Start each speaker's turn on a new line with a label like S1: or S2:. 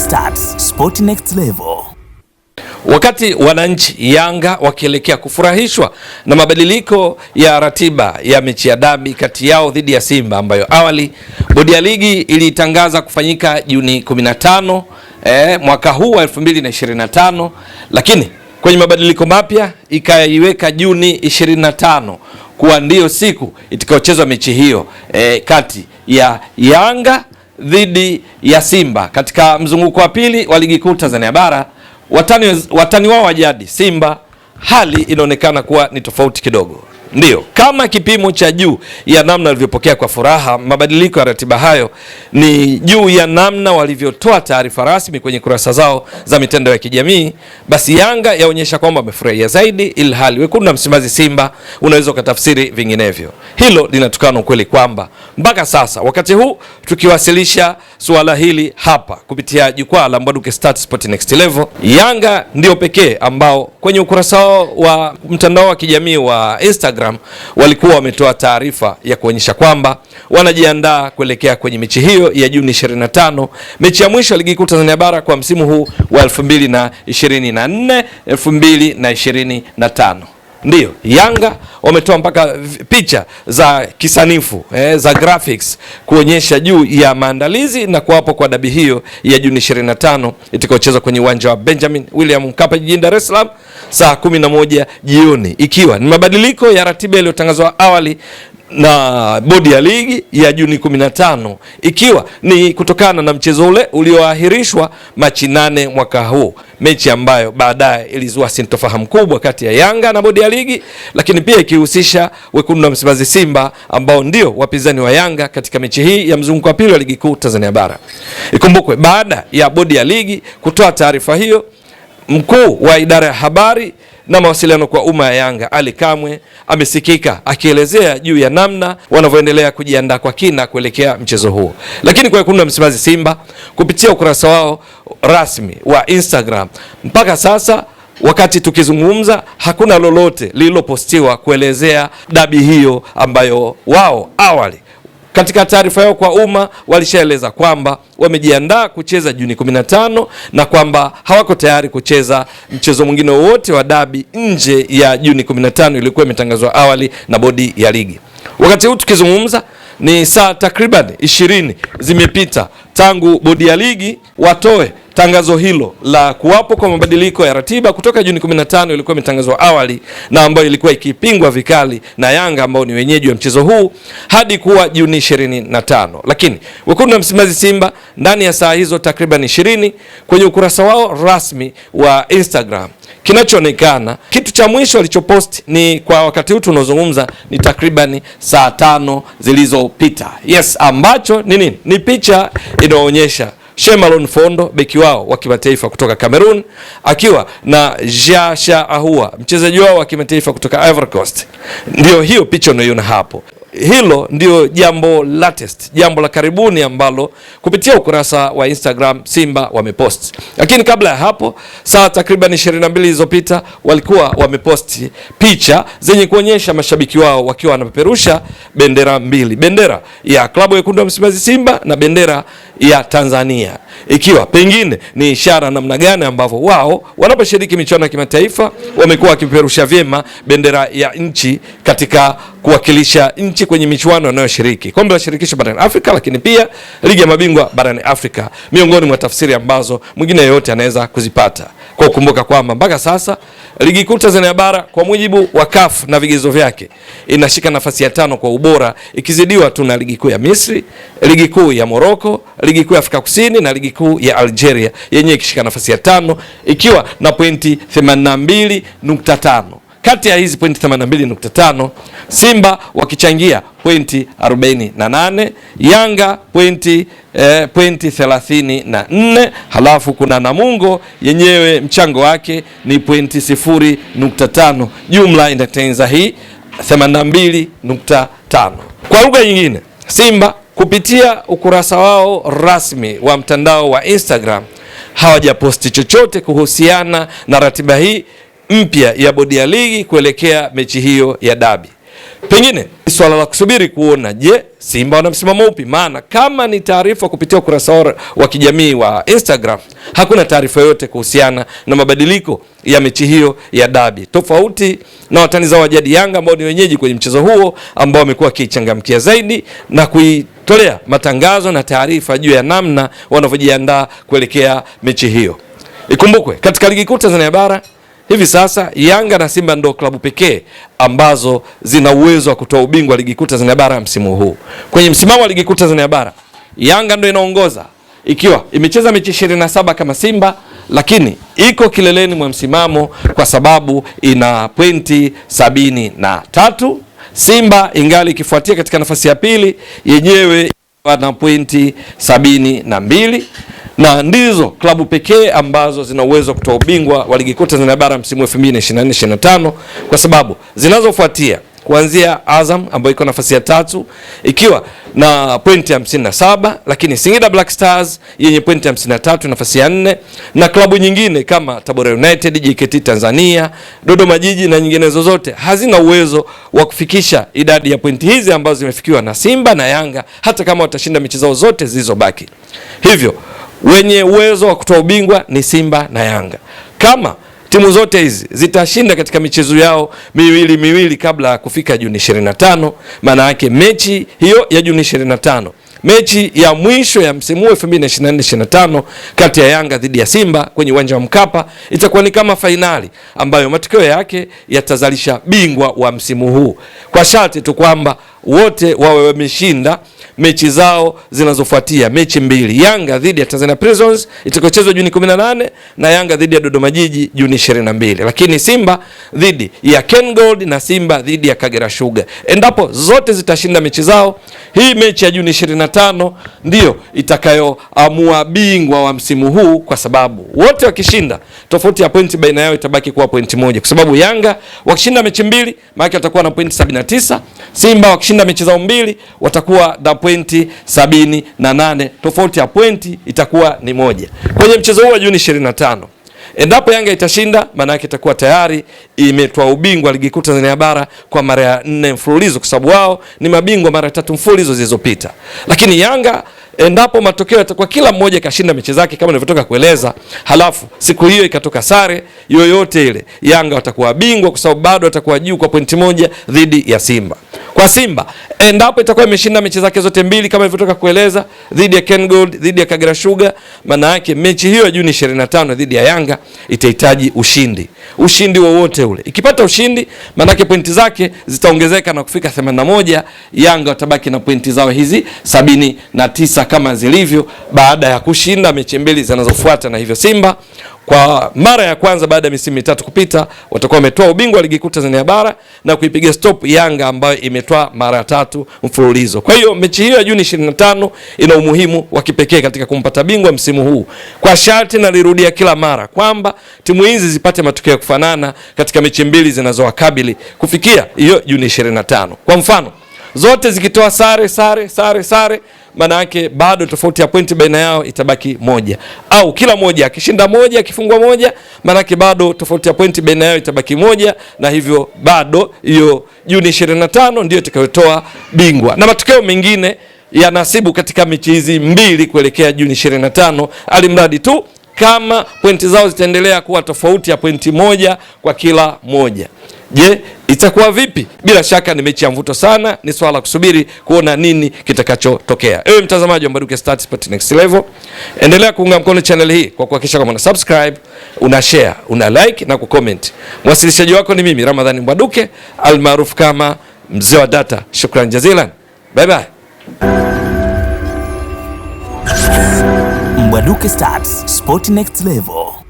S1: Stars, Sport Next Level.
S2: Wakati wananchi Yanga wakielekea kufurahishwa na mabadiliko ya ratiba ya mechi ya dabi kati yao dhidi ya Simba ambayo awali bodi ya ligi ilitangaza kufanyika Juni 15 eh, mwaka huu wa 2025 lakini kwenye mabadiliko mapya ikaiweka Juni 25 kuwa ndiyo siku itakayochezwa mechi hiyo eh, kati ya Yanga dhidi ya Simba katika mzunguko wa pili wa ligi kuu Tanzania bara. Watani, watani wao wa jadi Simba, hali inaonekana kuwa ni tofauti kidogo. Ndiyo, kama kipimo cha juu ya namna walivyopokea kwa furaha mabadiliko ya ratiba hayo ni juu ya namna walivyotoa taarifa rasmi kwenye kurasa zao za mitandao ya kijamii, basi Yanga yaonyesha kwamba wamefurahia zaidi, ilhali wekundu na Msimbazi Simba unaweza ukatafsiri vinginevyo. Hilo linatokana ukweli kwamba mpaka sasa wakati huu tukiwasilisha suala hili hapa kupitia jukwaa la Mbwaduke Sport Next Level, Yanga ndio pekee ambao kwenye ukurasa wao wa mtandao wa kijamii wa Instagram Instagram walikuwa wametoa taarifa ya kuonyesha kwamba wanajiandaa kuelekea kwenye mechi hiyo ya Juni 25, mechi ya mwisho ya ligi kuu Tanzania bara kwa msimu huu wa 2024 2025. Ndiyo, Yanga wametoa mpaka picha za kisanifu eh, za graphics kuonyesha juu ya maandalizi na kuwapo kwa dabi hiyo ya Juni 25 itakayochezwa kwenye uwanja wa Benjamin William Mkapa jijini Dar es Salaam saa 11 jioni, ikiwa ni mabadiliko ya ratiba iliyotangazwa awali na bodi ya ligi ya Juni 15 ikiwa ni kutokana na mchezo ule ulioahirishwa Machi nane mwaka huu, mechi ambayo baadaye ilizua sintofahamu kubwa kati ya Yanga na bodi ya ligi, lakini pia ikihusisha wekundu wa Msimbazi Simba ambao ndio wapinzani wa Yanga katika mechi hii ya mzunguko wa pili wa ligi kuu Tanzania bara. Ikumbukwe baada ya bodi ya ligi kutoa taarifa hiyo Mkuu wa idara ya habari na mawasiliano kwa umma ya Yanga Ali Kamwe amesikika akielezea juu ya namna wanavyoendelea kujiandaa kwa kina kuelekea mchezo huo. Lakini kwa wekundu wa Msimbazi Simba kupitia ukurasa wao rasmi wa Instagram, mpaka sasa wakati tukizungumza, hakuna lolote lililopostiwa kuelezea dabi hiyo ambayo wao awali katika taarifa yao kwa umma walishaeleza kwamba wamejiandaa kucheza Juni 15 na kwamba hawako tayari kucheza mchezo mwingine wowote wa dabi nje ya Juni 15 iliyokuwa imetangazwa awali na bodi ya ligi. Wakati huu tukizungumza ni saa takriban ishirini zimepita tangu bodi ya ligi watoe tangazo hilo la kuwapo kwa mabadiliko ya ratiba kutoka Juni 15 ilikuwa imetangazwa awali na ambayo ilikuwa ikipingwa vikali na Yanga ambao ni wenyeji wa mchezo huu hadi kuwa Juni 25, lakini wekundu wa Msimbazi Simba ndani ya saa hizo takriban 20 kwenye ukurasa wao rasmi wa Instagram kinachoonekana kitu cha mwisho alichopost ni kwa wakati huu tunaozungumza ni takriban saa tano zilizopita. Yes, ambacho ni nini? Ni picha inayoonyesha Shemalon Fondo beki wao wa kimataifa kutoka Cameroon, akiwa na Jasha Ahua mchezaji wao wa kimataifa kutoka Ivory Coast. Ndio hiyo picha unaiona hapo hilo ndio jambo latest, jambo la karibuni ambalo kupitia ukurasa wa Instagram Simba wamepost. Lakini kabla ya hapo, saa takriban 22 zilizopita walikuwa wameposti picha zenye kuonyesha mashabiki wao wakiwa wanapeperusha bendera mbili, bendera ya klabu ya wekundu wa Msimbazi Simba na bendera ya Tanzania ikiwa pengine ni ishara namna gani ambavyo wao wanaposhiriki michuano ya kimataifa wamekuwa wakipeperusha vyema bendera ya nchi katika kuwakilisha nchi kwenye michuano anayoshiriki kombe la shirikisho barani Afrika, lakini pia ligi ya mabingwa barani Afrika, miongoni mwa tafsiri ambazo mwingine yeyote anaweza kuzipata kwa kukumbuka kwamba mpaka sasa ligi kuu Tanzania bara kwa mujibu wa CAF na vigezo vyake inashika nafasi ya tano kwa ubora ikizidiwa tu na ligi kuu ya Misri, ligi kuu ya Morocco, ligi kuu ya Afrika Kusini na ligi kuu ya Algeria yenyewe ikishika nafasi ya tano ikiwa na pointi 82.5. Kati ya hizi pointi 82.5 Simba wakichangia pointi 48, Yanga pointi eh, pointi 34, halafu kuna Namungo yenyewe mchango wake ni pointi 0.5. Jumla inatengeneza hii 82.5. Kwa lugha nyingine, Simba kupitia ukurasa wao rasmi wa mtandao wa Instagram hawajaposti chochote kuhusiana na ratiba hii mpya ya bodi ya ligi kuelekea mechi hiyo ya dabi. Pengine swala la kusubiri kuona, je, Simba wana msimamo upi? Maana kama ni taarifa kupitia ukurasa wa kijamii wa Instagram, hakuna taarifa yoyote kuhusiana na mabadiliko ya mechi hiyo ya dabi, tofauti na watani zao wa jadi Yanga ambao ni wenyeji kwenye mchezo huo ambao wamekuwa wakiichangamkia zaidi na kuitolea matangazo na taarifa juu ya namna wanavyojiandaa kuelekea mechi hiyo. Ikumbukwe katika ligi kuu Tanzania bara Hivi sasa Yanga na Simba ndo klabu pekee ambazo zina uwezo wa kutoa ubingwa ligi kuu Tanzania bara msimu huu. Kwenye msimamo wa ligi kuu Tanzania bara, Yanga ndo inaongoza ikiwa imecheza mechi 27 kama Simba, lakini iko kileleni mwa msimamo kwa sababu ina pointi sabini na tatu. Simba ingali ikifuatia katika nafasi ya pili yenyewe na pointi sabini na mbili na ndizo klabu pekee ambazo zina uwezo wa kutoa ubingwa wa ligi kuu Tanzania bara msimu 2024-2025 kwa sababu zinazofuatia kuanzia Azam ambayo iko nafasi ya tatu ikiwa na pointi 57, lakini Singida Black Stars yenye pointi 53 nafasi ya nne, na klabu nyingine kama Tabora United, JKT Tanzania, Dodoma Jiji na nyingine zozote hazina uwezo wa kufikisha idadi ya pointi hizi ambazo zimefikiwa na Simba na Yanga, hata kama watashinda michezo zao zote zilizobaki. Hivyo wenye uwezo wa kutoa ubingwa ni Simba na Yanga. Kama timu zote hizi zitashinda katika michezo yao miwili miwili kabla ya kufika Juni 25, maana yake mechi hiyo ya Juni 25 mechi ya mwisho ya msimu 2024-2025 kati ya Yanga dhidi ya Simba kwenye uwanja wa Mkapa itakuwa ni kama fainali ambayo matokeo yake yatazalisha bingwa wa msimu huu, kwa sharti tu kwamba wote wawe wameshinda mechi zao zinazofuatia, mechi mbili, Yanga dhidi ya Tanzania Prisons itakayochezwa Juni 18 na Yanga dhidi ya Dodoma Jiji Juni 22, lakini Simba dhidi ya Ken Gold na Simba dhidi ya Kagera Sugar. Endapo zote zitashinda mechi zao, hii mechi ya Juni 25 ndiyo itakayoamua bingwa wa msimu huu, kwa sababu wote wakishinda, tofauti ya pointi baina yao itabaki kuwa pointi moja, kwa sababu Yanga wakishinda mechi mbili, maana watakuwa na pointi 79. Simba wakishinda wakishinda mechi zao mbili watakuwa na pointi sabini na nane tofauti ya pointi itakuwa ni moja kwenye mchezo huu wa Juni 25. Endapo Yanga itashinda, maana yake itakuwa tayari imetwaa ubingwa ligi kuu Tanzania bara kwa mara ya nne mfululizo, kwa sababu wao ni mabingwa mara tatu mfululizo zilizopita. Lakini Yanga endapo matokeo yatakuwa kila mmoja kashinda mechi zake kama nilivyotoka kueleza, halafu siku hiyo ikatoka sare yoyote ile, Yanga watakuwa bingwa, kwa sababu bado watakuwa juu kwa pointi moja dhidi ya Simba. Kwa Simba endapo itakuwa imeshinda mechi zake zote mbili kama ilivyotoka kueleza, dhidi ya Ken Gold, dhidi ya Kagera Sugar, maana yake mechi hiyo ya Juni 25 dhidi ya Yanga itahitaji ushindi, ushindi wowote ule. Ikipata ushindi, maana yake pointi zake zitaongezeka na kufika 81. Yanga watabaki na pointi zao hizi 79 kama zilivyo, baada ya kushinda mechi mbili zinazofuata, na hivyo Simba kwa mara ya kwanza baada ya misimu mitatu kupita, watakuwa wametoa ubingwa wa ligi kuu Tanzania bara na kuipiga stop Yanga ambayo imetoa mara tatu mfululizo. Kwa hiyo mechi hiyo ya Juni 25 ina umuhimu wa kipekee katika kumpata bingwa msimu huu, kwa sharti nalirudia kila mara kwamba timu hizi zipate matokeo ya kufanana katika mechi mbili zinazowakabili kufikia hiyo Juni 25. Kwa mfano zote zikitoa sare sare sare sare maana yake bado tofauti ya pointi baina yao itabaki moja, au kila moja akishinda moja akifungwa moja, maana yake bado tofauti ya pointi baina yao itabaki moja, na hivyo bado hiyo Juni 25 ndio itakayotoa bingwa na matokeo mengine ya nasibu katika mechi hizi mbili kuelekea Juni 25, alimradi tu kama pointi zao zitaendelea kuwa tofauti ya pointi moja kwa kila moja. Je, itakuwa vipi? Bila shaka ni mechi ya mvuto sana, ni swala la kusubiri kuona nini kitakachotokea. Ewe mtazamaji wa Mbwaduke Stats Sport Next Level, endelea kuunga mkono channel hii kwa kuhakikisha kwamba una subscribe, una share, una like na kucomment. Mwasilishaji wako ni mimi Ramadhani Mbwaduke almaarufu kama mzee wa data. Shukran jazilan, bye bye. Mbwaduke Stats Sport Next Level.